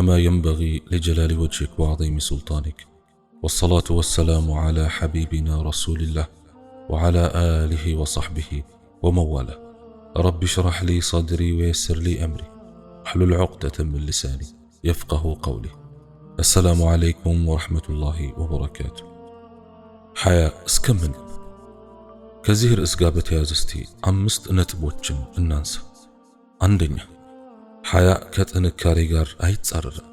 كما ينبغي لجلال وجهك وعظيم سلطانك والصلاة والسلام على حبيبنا رسول الله وعلى آله وصحبه ومن والاه رب اشرح لي صدري ويسر لي أمري احلل عقدة من لساني يفقه قولي السلام عليكم ورحمة الله وبركاته حياة اسكمن ከዚህ ርዕስ ጋር በተያያዘ نتبوتشن አምስት ነጥቦችን እናንሳ። ሐያ ከጥንካሬ ጋር አይጻረርም።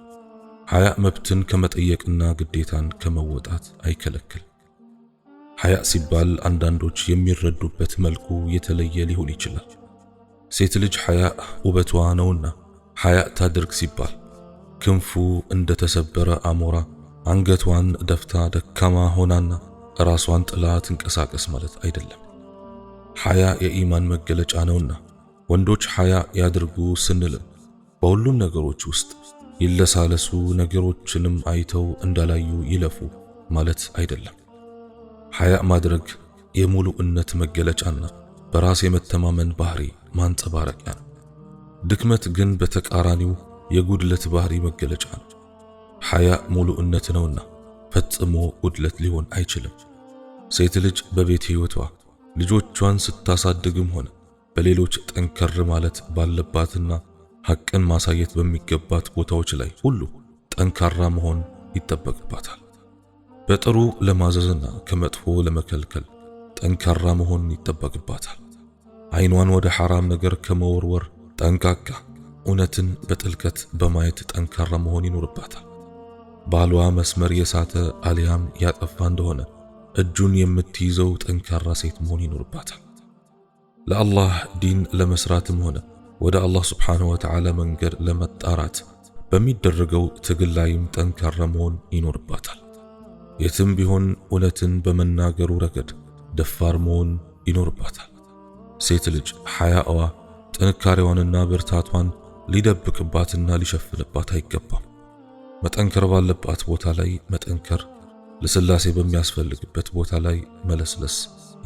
ሐያ መብትን ከመጠየቅና ግዴታን ከመወጣት አይከለክልም። ሐያ ሲባል አንዳንዶች የሚረዱበት መልኩ የተለየ ሊሆን ይችላል። ሴት ልጅ ሐያ ውበቷ ነውና ሐያ ታድርግ ሲባል ክንፉ እንደተሰበረ አሞራ አንገቷን ደፍታ ደካማ ሆናና ራሷን ጥላ ትንቀሳቀስ ማለት አይደለም። ሐያ የኢማን መገለጫ ነውና ወንዶች ሐያ ያድርጉ ስንልም በሁሉም ነገሮች ውስጥ ይለሳለሱ፣ ነገሮችንም አይተው እንዳላዩ ይለፉ ማለት አይደለም። ሐያ ማድረግ የሙሉእነት መገለጫና በራስ የመተማመን ባህሪ ማንጸባረቂያ ነው። ድክመት ግን በተቃራኒው የጉድለት ባህሪ መገለጫ ነው። ሐያ ሙሉእነት ነውና ፈጽሞ ጉድለት ሊሆን አይችልም። ሴት ልጅ በቤት ሕይወቷ ልጆቿን ስታሳድግም ሆነ በሌሎች ጠንከር ማለት ባለባትና ሐቅን ማሳየት በሚገባት ቦታዎች ላይ ሁሉ ጠንካራ መሆን ይጠበቅባታል። በጥሩ ለማዘዝና ከመጥፎ ለመከልከል ጠንካራ መሆን ይጠበቅባታል። ዓይኗን ወደ ሐራም ነገር ከመወርወር ጠንቃቃ፣ እውነትን በጥልቀት በማየት ጠንካራ መሆን ይኖርባታል። ባሏ መስመር የሳተ አሊያም ያጠፋ እንደሆነ እጁን የምትይዘው ጠንካራ ሴት መሆን ይኖርባታል። ለአላህ ዲን ለመስራትም ሆነ ወደ አላህ ስብሓንሁ ወተዓላ መንገድ ለመጣራት በሚደረገው ትግል ላይም ጠንካራ መሆን ይኖርባታል። የትም ቢሆን እውነትን በመናገሩ ረገድ ደፋር መሆን ይኖርባታል። ሴት ልጅ ሐያእዋ ጥንካሬዋንና ብርታቷን ሊደብቅባትና ሊሸፍንባት አይገባም። መጠንከር ባለባት ቦታ ላይ መጠንከር፣ ለስላሴ በሚያስፈልግበት ቦታ ላይ መለስለስ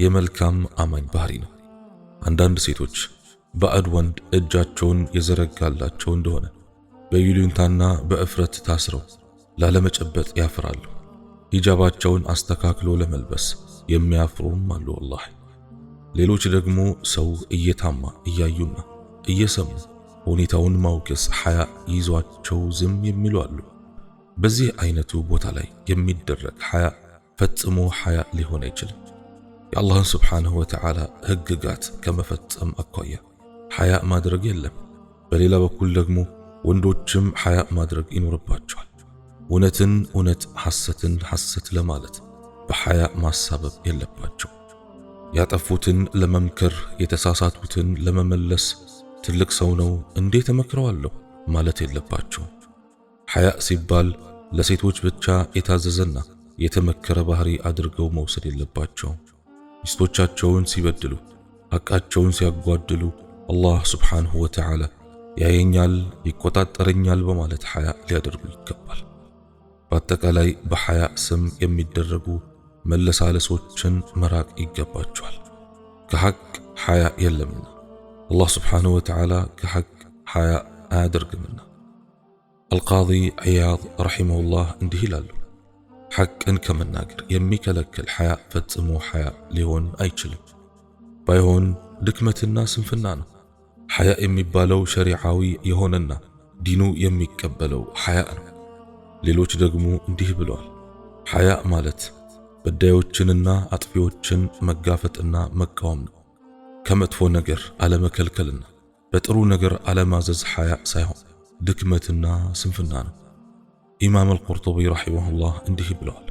የመልካም አማኝ ባህሪ ነው። አንዳንድ ሴቶች ባዕድ ወንድ እጃቸውን የዘረጋላቸው እንደሆነ በይሉንታና በእፍረት ታስረው ላለመጨበጥ ያፍራሉ። ሂጃባቸውን አስተካክሎ ለመልበስ የሚያፍሩም አሉ። ወላሂ ሌሎች ደግሞ ሰው እየታማ እያዩና እየሰሙ ሁኔታውን ማውገስ ሐያ ይዟቸው ዝም የሚሉ አሉ። በዚህ አይነቱ ቦታ ላይ የሚደረግ ሐያ ፈጽሞ ሐያ ሊሆን አይችልም። የአላህን ስብሓንሁ ወተዓላ ሕግጋት ከመፈጸም አኳያ ሐያ ማድረግ የለም። በሌላ በኩል ደግሞ ወንዶችም ሀያ ማድረግ ይኖርባቸዋል። እውነትን እውነት፣ ሐሰትን ሐሰት ለማለት በሀያ ማሳበብ የለባቸው። ያጠፉትን ለመምከር የተሳሳቱትን ለመመለስ ትልቅ ሰው ነው እንዴት እመክረዋለሁ ማለት የለባቸው። ሀያ ሲባል ለሴቶች ብቻ የታዘዘና የተመከረ ባህሪ አድርገው መውሰድ የለባቸው። ሚስቶቻቸውን ሲበድሉ፣ ሐቃቸውን ሲያጓድሉ አላህ ስብሓንሁ ወተዓላ ያየኛል፣ ይቆጣጠረኛል በማለት ሐያ ሊያደርጉ ይገባል። በአጠቃላይ በሐያ ስም የሚደረጉ መለሳለሶችን መራቅ ይገባቸዋል። ከሐቅ ሐያ የለምና አላህ ስብሓንሁ ወተዓላ ከሐቅ ሐያ አያደርግምና። አልቃዲ ዕያድ ረሒመሁላህ እንዲህ ይላሉ ሐቅን ከመናገር የሚከለክል ሐያ ፈጽሞ ሐያ ሊሆን አይችልም። ባይሆን ድክመትና ስንፍና ነው። ሐያ የሚባለው ሸሪዓዊ የሆነና ዲኑ የሚቀበለው ሐያ ነው። ሌሎች ደግሞ እንዲህ ብለዋል። ሐያ ማለት በዳዮችንና አጥፊዎችን መጋፈጥና መቃወም ነው። ከመጥፎ ነገር አለመከልከልና በጥሩ ነገር አለማዘዝ ሐያ ሳይሆን ድክመትና ስንፍና ነው። ኢማም አልቁርጡቢ ረሒመሁላህ እንዲህ ብለዋል።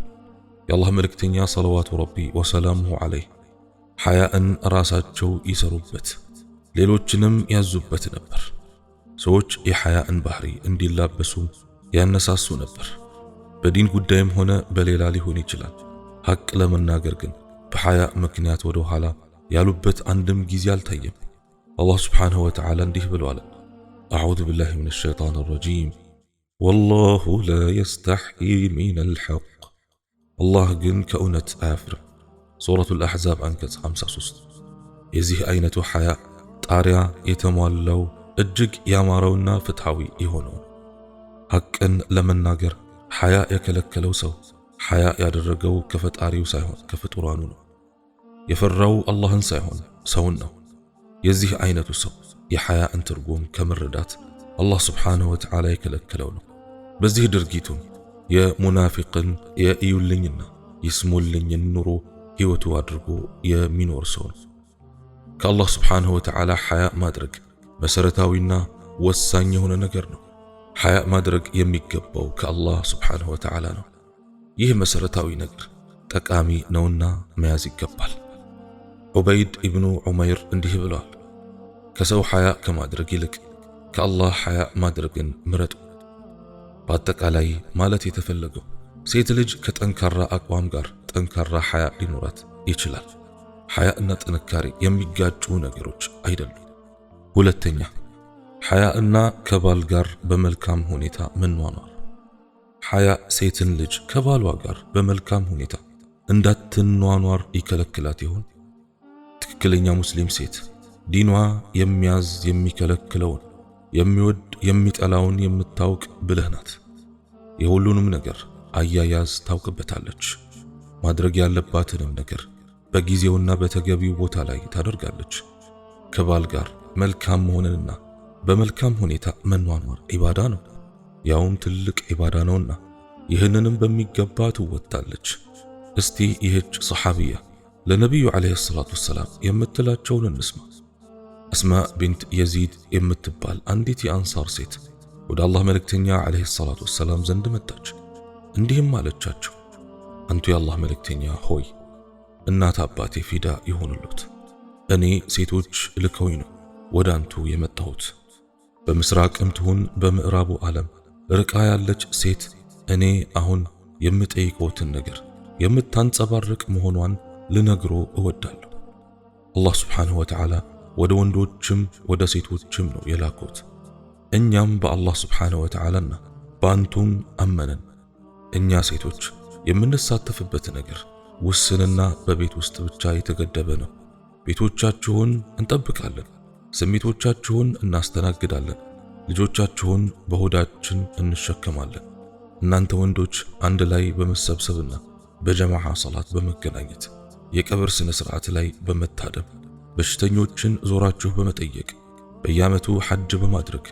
የአላህ መልእክተኛ ሰለዋቱ ረቢ ወሰላሙሁ ዓለይህ ሐያእን ራሳቸው ይሰሩበት ሌሎችንም ያዙበት ነበር። ሰዎች የሐያእን ባህሪ እንዲላበሱ ያነሳሱ ነበር። በዲን ጉዳይም ሆነ በሌላ ሊሆን ይችላል። ሐቅ ለመናገር ግን በሐያእ ምክንያት ወደ ኋላ ያሉበት አንድም ጊዜ አልታየም። አላህ ስብሓንሁ ወተዓላ እንዲህ ብለዋል። አዑዙ ቢላሂ ሚነ ሸይጣን ረጂም ወላሁ ላ የስተሕይ ሚነል ሐቅ አላህ ግን ከእውነት አያፍርም። ሱረቱል አሕዛብ አንቀጽ 53 የዚህ አይነቱ ሐያ ጣሪያ የተሟላው እጅግ ያማረውና ፍትሐዊ የሆነው ሐቅን ለመናገር ሐያ የከለከለው ሰው ሐያ ያደረገው ከፈጣሪው ሳይሆን ከፍጡራኑ ነው። የፈራው አላህን ሳይሆን ሰውን ነው። የዚህ አይነቱ ሰው የሐያእን ትርጉም ከመረዳት አላህ ስብሓንሁ ወተዓላ የከለከለው ነው። በዚህ ድርጊቱም የሙናፊቅን የእዩልኝና ይስሙልኝን ኑሮ ሕይወቱ አድርጎ የሚኖር ሰው ነው። ከአላህ ስብሓንሁ ወተዓላ ሐያእ ማድረግ መሠረታዊና ወሳኝ የሆነ ነገር ነው። ሐያእ ማድረግ የሚገባው ከአላህ ስብሓንሁ ወተዓላ ነው። ይህ መሠረታዊ ነገር ጠቃሚ ነውና መያዝ ይገባል። ዑበይድ ኢብኑ ዑመይር እንዲህ ብለዋል፣ ከሰው ሐያእ ከማድረግ ይልቅ ከአላህ ሐያእ ማድረግን ምረጡ። በአጠቃላይ ማለት የተፈለገው ሴት ልጅ ከጠንካራ አቋም ጋር ጠንካራ ሐያእ ሊኖራት ይችላል። ሐያእና ጥንካሬ የሚጋጩ ነገሮች አይደሉም። ሁለተኛ ሐያእና ከባል ጋር በመልካም ሁኔታ መኗኗር። ሐያ ሴትን ልጅ ከባሏ ጋር በመልካም ሁኔታ እንዳትኗኗር ይከለክላት ይሆን? ትክክለኛ ሙስሊም ሴት ዲኗ የሚያዝ የሚከለክለውን የሚወድ የሚጠላውን የምታውቅ ብልህ ናት። የሁሉንም ነገር አያያዝ ታውቅበታለች። ማድረግ ያለባትንም ነገር በጊዜውና በተገቢው ቦታ ላይ ታደርጋለች። ከባል ጋር መልካም መሆንንና በመልካም ሁኔታ መኗኗር ኢባዳ ነው፣ ያውም ትልቅ ኢባዳ ነውና ይህንንም በሚገባ ትወጣለች። እስቲ ይህች ሰሓቢያ ለነቢዩ ዓለይሂ ሰላቱ ወሰላም የምትላቸውን እንስማ። አስማ ቢንት የዚድ የምትባል አንዲት የአንሳር ሴት ወደ አላህ መልእክተኛ ዓለይሂ ሰላቱ ወሰላም ዘንድ መጣች። እንዲህም አለቻቸው፣ አንቱ የአላህ መልእክተኛ ሆይ እናት አባቴ ፊዳ ይሆኑሉት። እኔ ሴቶች ልከውኝ ነው ወደ አንቱ የመጣሁት። በምስራቅም ትሁን በምዕራቡ ዓለም ርቃ ያለች ሴት እኔ አሁን የምጠይቀውትን ነገር የምታንጸባርቅ መሆኗን ልነግሮ እወዳለሁ። አላህ ስብሓንሁ ወተዓላ ወደ ወንዶችም ወደ ሴቶችም ነው የላኩት። እኛም በአላህ ስብሓንሁ ወተዓላና በአንቱም አመነን እኛ ሴቶች የምንሳተፍበት ነገር ውስንና በቤት ውስጥ ብቻ የተገደበ ነው። ቤቶቻችሁን እንጠብቃለን፣ ስሜቶቻችሁን እናስተናግዳለን፣ ልጆቻችሁን በሆዳችን እንሸከማለን። እናንተ ወንዶች አንድ ላይ በመሰብሰብና በጀማዓ ሰላት በመገናኘት የቀብር ስነ ስርዓት ላይ በመታደም በሽተኞችን ዞራችሁ በመጠየቅ በየዓመቱ ሐጅ በማድረግ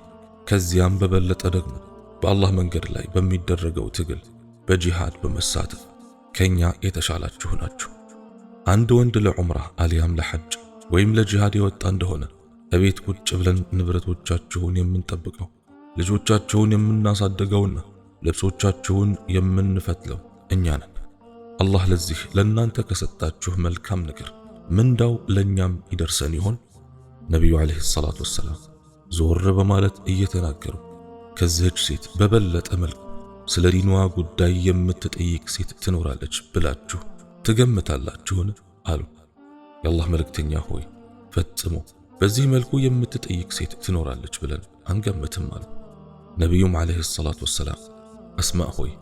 ከዚያም በበለጠ ደግሞ በአላህ መንገድ ላይ በሚደረገው ትግል በጂሃድ በመሳተፍ ከኛ የተሻላችሁ ናችሁ። አንድ ወንድ ለዑምራ አሊያም ለሐጅ ወይም ለጂሃድ የወጣ እንደሆነ እቤት ቁጭ ብለን ንብረቶቻችሁን የምንጠብቀው ልጆቻችሁን የምናሳድገውና ልብሶቻችሁን የምንፈትለው እኛ ነን። አላህ ለዚህ ለእናንተ ከሰጣችሁ መልካም ነገር ምንዳው ለእኛም ይደርሰን ይሆን? ነቢዩ ዓለይሂ ሰላቱ ወሰላም ዞር በማለት እየተናገሩ ከዚህች ሴት በበለጠ መልኩ ስለ ዲኗ ጉዳይ የምትጠይቅ ሴት ትኖራለች ብላችሁ ትገምታላችሁን? አሉ። የአላህ መልእክተኛ ሆይ ፈጽሞ በዚህ መልኩ የምትጠይቅ ሴት ትኖራለች ብለን አንገምትም አሉ። ነቢዩም ዓለይሂ ሰላቱ ወሰላም አስማእ ሆይ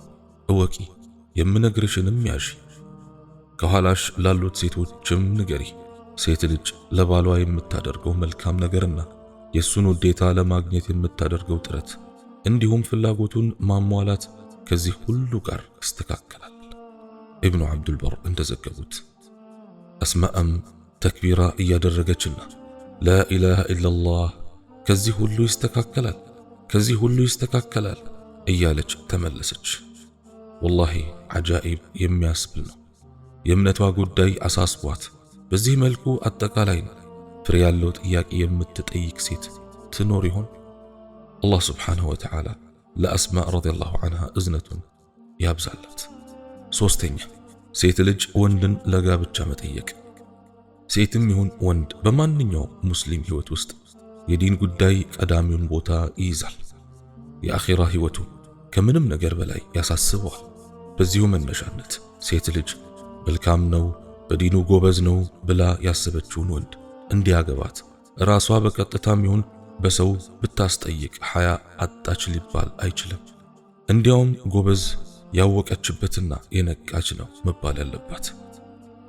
እወቂ፣ የምነግርሽንም ያዢ፣ ከኋላሽ ላሉት ሴቶችም ንገሪ። ሴት ልጅ ለባሏ የምታደርገው መልካም ነገርና የእሱን ውዴታ ለማግኘት የምታደርገው ጥረት እንዲሁም ፍላጎቱን ማሟላት ከዚህ ሁሉ ጋር ይስተካከላል። ኢብኑ አብዱልበር እንደዘገቡት አስማአም ተክቢራ እያደረገችና ላኢላሃ ኢላላህ ከዚህ ሁሉ ይስተካከላል፣ ከዚህ ሁሉ ይስተካከላል እያለች ተመለሰች። ወላሂ አጃኢብ የሚያስብል ነው። የእምነቷ ጉዳይ አሳስቧት በዚህ መልኩ አጠቃላይ ፍሬ ያለው ጥያቄ የምትጠይቅ ሴት ትኖር ይሆን? አላህ ስብሓንሁ ወተዓላ ለአስማእ ረዲየላሁ አንሃ እዝነቱን ያብዛላት። ሦስተኛ ሴት ልጅ ወንድን ለጋብቻ መጠየቅ። ሴትም ይሁን ወንድ በማንኛውም ሙስሊም ሕይወት ውስጥ የዲን ጉዳይ ቀዳሚውን ቦታ ይይዛል። የአኼራ ሕይወቱ ከምንም ነገር በላይ ያሳስበዋል። በዚሁ መነሻነት ሴት ልጅ መልካም ነው፣ በዲኑ ጎበዝ ነው ብላ ያሰበችውን ወንድ እንዲያገባት ራሷ በቀጥታም ይሁን በሰው ብታስጠይቅ ሀያ አጣች ሊባል አይችልም። እንዲያውም ጎበዝ ያወቀችበትና የነቃች ነው መባል ያለባት።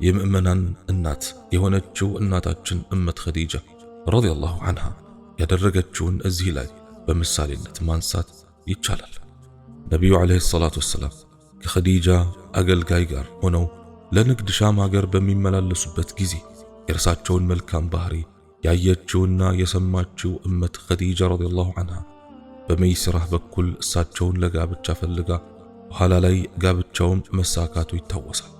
የምእመናን እናት የሆነችው እናታችን እመት ኸዲጃ ረዲየላሁ አንሃ ያደረገችውን እዚህ ላይ በምሳሌነት ማንሳት ይቻላል። ነቢዩ ዓለይሂ ሰላቱ ወሰላም ከኸዲጃ አገልጋይ ጋር ሆነው ለንግድ ሻም ሀገር በሚመላለሱበት ጊዜ የእርሳቸውን መልካም ባህሪ ያየችውና የሰማችው እመት ኸዲጃ ረዲየላሁ ዐንሃ በመይስራህ በኩል እሳቸውን ለጋብቻ ፈልጋ በኋላ ላይ ጋብቻውን መሳካቱ ይታወሳል።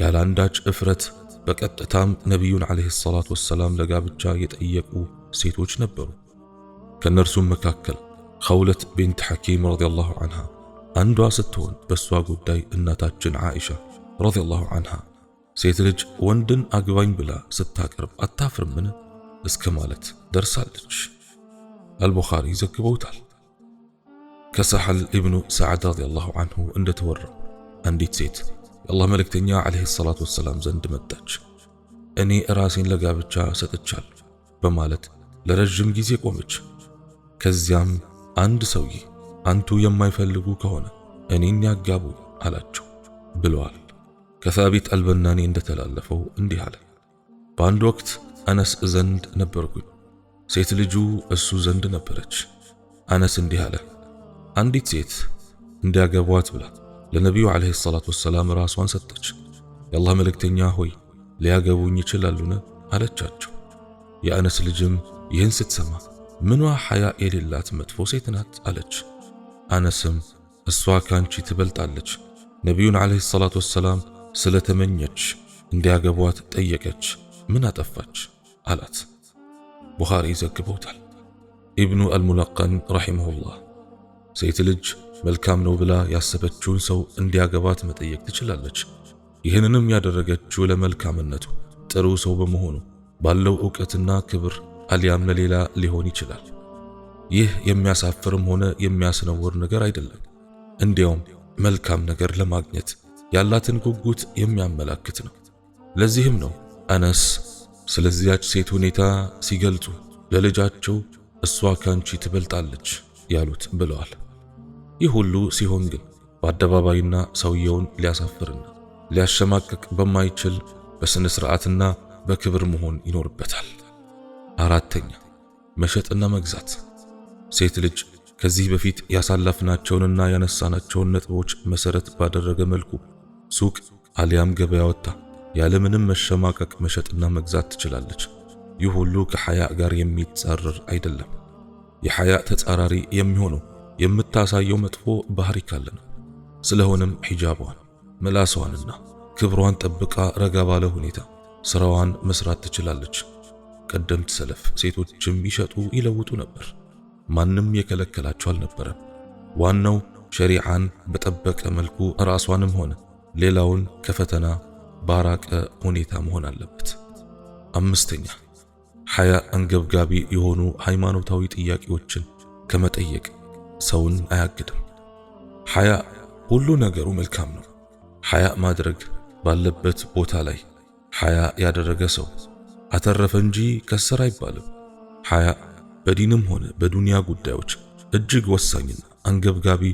ያለ አንዳች እፍረት በቀጥታም ነቢዩን ዓለይሂ ሰላቱ ወሰላም ለጋብቻ የጠየቁ ሴቶች ነበሩ። ከእነርሱም መካከል ኸውለት ቢንት ሐኪም ረዲየላሁ ዐንሃ አንዷ ስትሆን በእሷ ጉዳይ እናታችን ዓኢሻ ረዲየላሁ ዐንሃ ሴት ልጅ ወንድን አግባኝ ብላ ስታቀርብ አታፍርምን? እስከ ማለት ደርሳለች። አልቡኻሪ ዘግበውታል። ከሳሐል ኢብኑ ሰዓድ ረዲየላሁ አንሁ እንደተወራው አንዲት ሴት የአላህ መልእክተኛ ዓለይሂ ሰላቱ ወሰላም ዘንድ መጣች። እኔ ራሴን ለጋብቻ ሰጥቻለሁ በማለት ለረዥም ጊዜ ቆመች። ከዚያም አንድ ሰውዬ አንቱ የማይፈልጉ ከሆነ እኔን ያጋቡ አላቸው ብለዋል። ከሳቢት አልበናኒ እንደተላለፈው እንዲህ አለ። በአንድ ወቅት አነስ ዘንድ ነበርኩኝ። ሴት ልጁ እሱ ዘንድ ነበረች። አነስ እንዲህ አለ፣ አንዲት ሴት እንዲያገቧት ብላ ለነቢዩ ዓለይሂ ሰላቱ ወሰላም ራሷን ሰጠች። የአላህ መልእክተኛ ሆይ ሊያገቡኝ ይችላሉን? አለቻቸው። የአነስ ልጅም ይህን ስትሰማ ምኗ ሐያ የሌላት መጥፎ ሴት ናት አለች። አነስም እሷ ካንቺ ትበልጣለች፣ ነቢዩን ዓለይሂ ሰላቱ ወሰላም ስለተመኘች እንዲያገቧት ጠየቀች፣ ምን አጠፋች? አላት። ቡኻሪ ዘግበውታል። ኢብኑ አልሙለቀን ረሒመሁላህ ሴት ልጅ መልካም ነው ብላ ያሰበችውን ሰው እንዲያገባት መጠየቅ ትችላለች። ይህንንም ያደረገችው ለመልካምነቱ ጥሩ ሰው በመሆኑ ባለው ዕውቀትና ክብር አሊያም ለሌላ ሊሆን ይችላል። ይህ የሚያሳፍርም ሆነ የሚያስነውር ነገር አይደለም። እንዲያውም መልካም ነገር ለማግኘት ያላትን ጉጉት የሚያመላክት ነው። ለዚህም ነው አነስ ስለዚያች ሴት ሁኔታ ሲገልጹ ለልጃቸው እሷ ካንቺ ትበልጣለች ያሉት ብለዋል። ይህ ሁሉ ሲሆን ግን በአደባባይና ሰውየውን ሊያሳፍርና ሊያሸማቅቅ በማይችል በሥነ ሥርዓትና በክብር መሆን ይኖርበታል። አራተኛ መሸጥና መግዛት። ሴት ልጅ ከዚህ በፊት ያሳለፍናቸውንና ያነሳናቸውን ነጥቦች መሠረት ባደረገ መልኩ ሱቅ አሊያም ገበያ ወጥታ ያለምንም መሸማቀቅ መሸጥና መግዛት ትችላለች። ይህ ሁሉ ከሐያእ ጋር የሚጻረር አይደለም። የሐያእ ተጻራሪ የሚሆነው የምታሳየው መጥፎ ባህሪ ካለ ነው። ስለሆነም ሒጃቧን፣ ምላሷንና ክብሯን ጠብቃ ረጋ ባለ ሁኔታ ስራዋን መስራት ትችላለች። ቀደምት ሰለፍ ሴቶችም ይሸጡ ይለውጡ ነበር። ማንም የከለከላቸው አልነበረም። ዋናው ሸሪዓን በጠበቀ መልኩ ራሷንም ሆነ ሌላውን ከፈተና ባራቀ ሁኔታ መሆን አለበት። አምስተኛ ሐያ አንገብጋቢ የሆኑ ሃይማኖታዊ ጥያቄዎችን ከመጠየቅ ሰውን አያግድም። ሐያ ሁሉ ነገሩ መልካም ነው። ሐያ ማድረግ ባለበት ቦታ ላይ ሐያ ያደረገ ሰው አተረፈ እንጂ ከሰር አይባልም። ሐያ በዲንም ሆነ በዱንያ ጉዳዮች እጅግ ወሳኝና አንገብጋቢ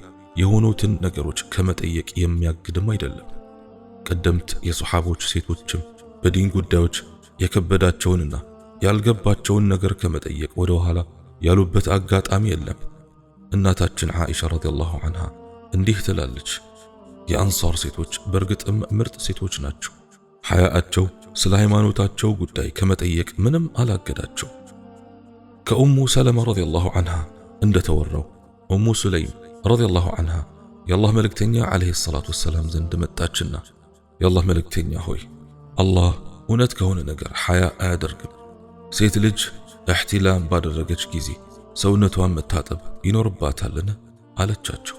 የሆኑትን ነገሮች ከመጠየቅ የሚያግድም አይደለም። ቀደምት የሰሓቦች ሴቶችም በዲን ጉዳዮች የከበዳቸውንና ያልገባቸውን ነገር ከመጠየቅ ወደ ኋላ ያሉበት አጋጣሚ የለም። እናታችን ዓኢሻ ረዲየላሁ አንሃ እንዲህ ትላለች፣ የአንሳር ሴቶች በእርግጥም ምርጥ ሴቶች ናቸው። ሐያአቸው ስለ ሃይማኖታቸው ጉዳይ ከመጠየቅ ምንም አላገዳቸው። ከኡሙ ሰለማ ረዲየላሁ አንሃ እንደተወራው ኡሙ ሱለይም ረዲየላሁ አንሃ የአላህ መልእክተኛ ዓለይሂ ሰላቱ ወሰላም ዘንድ መጣችና የአላህ መልእክተኛ ሆይ አላህ እውነት ከሆነ ነገር ሐያ አያደርግም። ሴት ልጅ እሕቲላም ባደረገች ጊዜ ሰውነቷን መታጠብ ይኖርባታልን? አለቻቸው።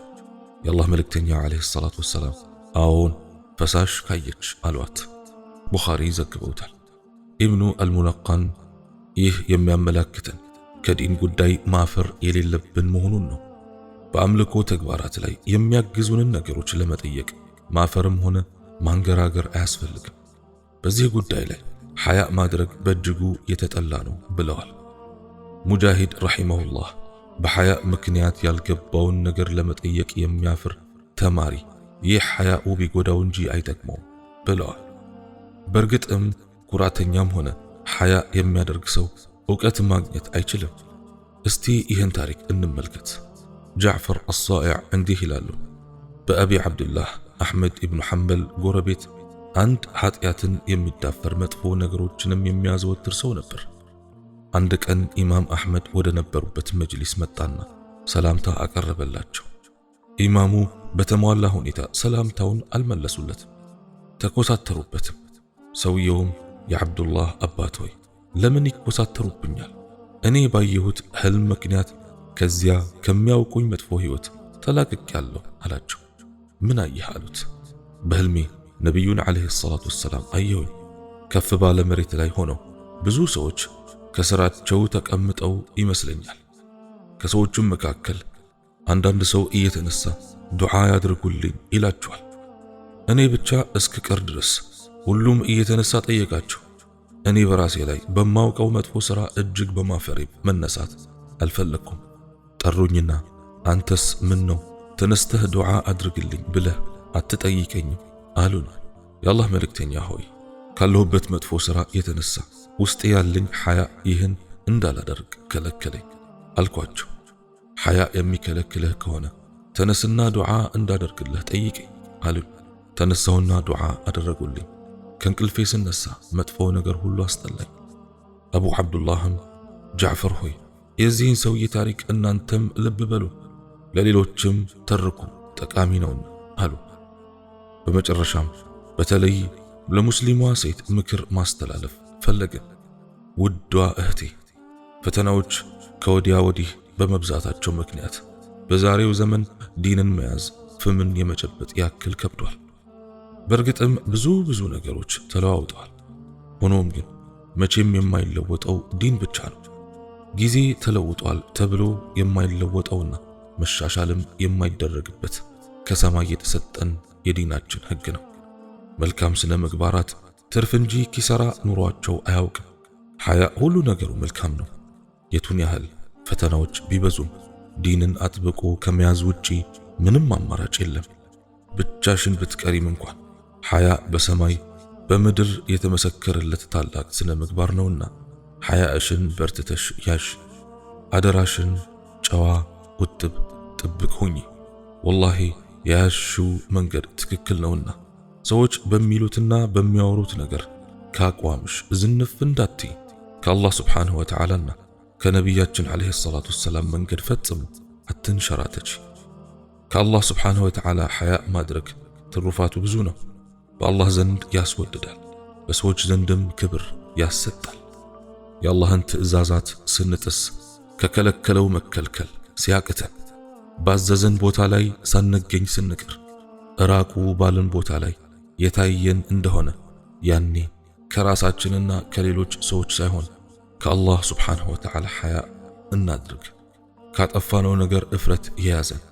የአላህ መልእክተኛ ዓለይሂ ሰላቱ ወሰላም አዎን፣ ፈሳሽ ካየች አሏት። ቡኻሪ ዘግበውታል። ኢብኑ አልሙለቃን ይህ የሚያመላክተን ከዲን ጉዳይ ማፈር የሌለብን መሆኑን ነው። በአምልኮ ተግባራት ላይ የሚያግዙንን ነገሮች ለመጠየቅ ማፈርም ሆነ ማንገራገር አያስፈልግም። በዚህ ጉዳይ ላይ ሐያእ ማድረግ በእጅጉ የተጠላ ነው ብለዋል። ሙጃሂድ ረሒመሁላህ በሐያእ ምክንያት ያልገባውን ነገር ለመጠየቅ የሚያፍር ተማሪ ይህ ሐያኡ ቢጎዳው እንጂ አይጠቅመውም ብለዋል። በእርግጥም ኩራተኛም ሆነ ሐያእ የሚያደርግ ሰው እውቀት ማግኘት አይችልም። እስቲ ይህን ታሪክ እንመልከት። ጃዕፈር አሳኢዕ እንዲህ ይላሉ በአቢ ዓብድላህ አሕመድ ኢብኑ ሐንበል ጎረቤት አንድ ኃጢአትን የሚዳፈር መጥፎ ነገሮችንም የሚያዘወትር ሰው ነበር። አንድ ቀን ኢማም አሕመድ ወደ ነበሩበት መጅሊስ መጣና ሰላምታ አቀረበላቸው። ኢማሙ በተሟላ ሁኔታ ሰላምታውን አልመለሱለትም፣ ተኮሳተሩበትም። ሰውየውም የዓብዱላህ አባት ሆይ ለምን ይኮሳተሩብኛል? እኔ ባየሁት ሕልም ምክንያት ከዚያ ከሚያውቁኝ መጥፎ ሕይወት ተላቅቄአለሁ አላቸው። ምን አየህ አሉት። በህልሜ ነቢዩን ዓለይሂ ሰላቱ ወሰላም አየሁኝ። ከፍ ባለ መሬት ላይ ሆነው ብዙ ሰዎች ከስራቸው ተቀምጠው ይመስለኛል። ከሰዎቹም መካከል አንዳንድ ሰው እየተነሳ ዱዓ ያድርጉልኝ ይላቸዋል። እኔ ብቻ እስክ ቀር ድረስ ሁሉም እየተነሳ ጠየቃቸው። እኔ በራሴ ላይ በማውቀው መጥፎ ሥራ እጅግ በማፈሬ መነሳት አልፈለግኩም። ጠሩኝና አንተስ ምን ነው ተነስተህ ዱዓ አድርግልኝ ብለህ አትጠይቀኝም አሉን። የአላህ መልእክተኛ ሆይ ካለሁበት መጥፎ ሥራ የተነሳ ውስጥ ያለኝ ሐያ ይህን እንዳላደርግ ከለከለኝ አልኳቸው። ሐያ የሚከለክልህ ከሆነ ተነስና ዱዓ እንዳደርግልህ ጠይቀኝ አሉኝ። ተነሳሁና ዱዓ አደረጉልኝ። ከእንቅልፌ ስነሳ መጥፎ ነገር ሁሉ አስጠላኝ። አቡ ዓብዱላህም ጃዕፈር ሆይ የዚህን ሰውዬ ታሪክ እናንተም ልብ በሉን። ለሌሎችም ተርኩ ጠቃሚ ነውና አሉ። በመጨረሻም በተለይ ለሙስሊሟ ሴት ምክር ማስተላለፍ ፈለገ። ውዷ እህቴ፣ ፈተናዎች ከወዲያ ወዲህ በመብዛታቸው ምክንያት በዛሬው ዘመን ዲንን መያዝ ፍምን የመጨበጥ ያክል ከብዷል። በእርግጥም ብዙ ብዙ ነገሮች ተለዋውጠዋል። ሆኖም ግን መቼም የማይለወጠው ዲን ብቻ ነው። ጊዜ ተለውጧል ተብሎ የማይለወጠውና መሻሻልም የማይደረግበት ከሰማይ የተሰጠን የዲናችን ህግ ነው። መልካም ስነ ምግባራት ትርፍ እንጂ ኪሳራ ኑሯቸው አያውቅም። ሐያ ሁሉ ነገሩ መልካም ነው። የቱን ያህል ፈተናዎች ቢበዙም ዲንን አጥብቆ ከመያዝ ውጪ ምንም አማራጭ የለም። ብቻሽን ብትቀሪም እንኳን ሐያ በሰማይ በምድር የተመሰከረለት ታላቅ ስነ ምግባር ነውና ሐያእሽን በርትተሽ ያሽ አደራሽን ጨዋ ቁጥብ ጥብቅ ሁኚ። ወላሂ የያዝሽው መንገድ ትክክል ነውና ሰዎች በሚሉትና በሚያወሩት ነገር ከአቋምሽ ዝንፍ እንዳትይ። ከአላህ ስብሓንሁ ወተዓላና ከነቢያችን ዓለይሂ ሰላቱ ወሰላም መንገድ ፈጽሞ አትንሸራተች። ከአላህ ስብሓንሁ ወተዓላ ሐያእ ማድረግ ትሩፋቱ ብዙ ነው። በአላህ ዘንድ ያስወድዳል፣ በሰዎች ዘንድም ክብር ያሰጣል። የአላህን ትእዛዛት ስንጥስ ከከለከለው መከልከል ሲያቅተን ባዘዘን ቦታ ላይ ሳንገኝ ስንቀር እራቁ ባልን ቦታ ላይ የታየን እንደሆነ ያኔ ከራሳችንና ከሌሎች ሰዎች ሳይሆን ከአላህ ስብሓንሁ ወተዓላ ሐያ እናድርግ። ካጠፋነው ነገር እፍረት የያዘን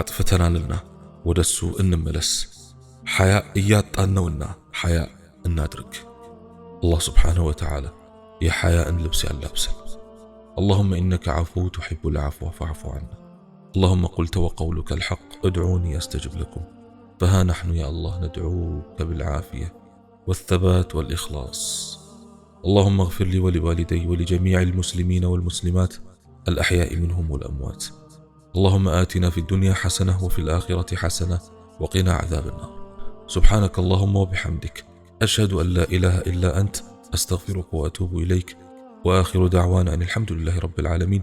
አጥፍተናልና ወደ እሱ እንመለስ። ሐያ እያጣን ነውና ሐያ እናድርግ። አላህ ስብሓንሁ ወተዓላ የሐያእን ልብስ ያላብሰን። አላሁመ ኢነከ ዓፉ ቱሒቡል ዓፍወ ፈዕፉ ዐና اللهم قلت وقولك الحق ادعوني استجب لكم فها نحن يا الله ندعوك بالعافيه والثبات والاخلاص اللهم اغفر لي ولوالدي ولجميع المسلمين والمسلمات الاحياء منهم والاموات اللهم اتنا في الدنيا حسنه وفي الاخره حسنه وقنا عذاب النار سبحانك اللهم وبحمدك اشهد ان لا اله الا انت استغفرك واتوب اليك واخر دعوانا ان الحمد لله رب العالمين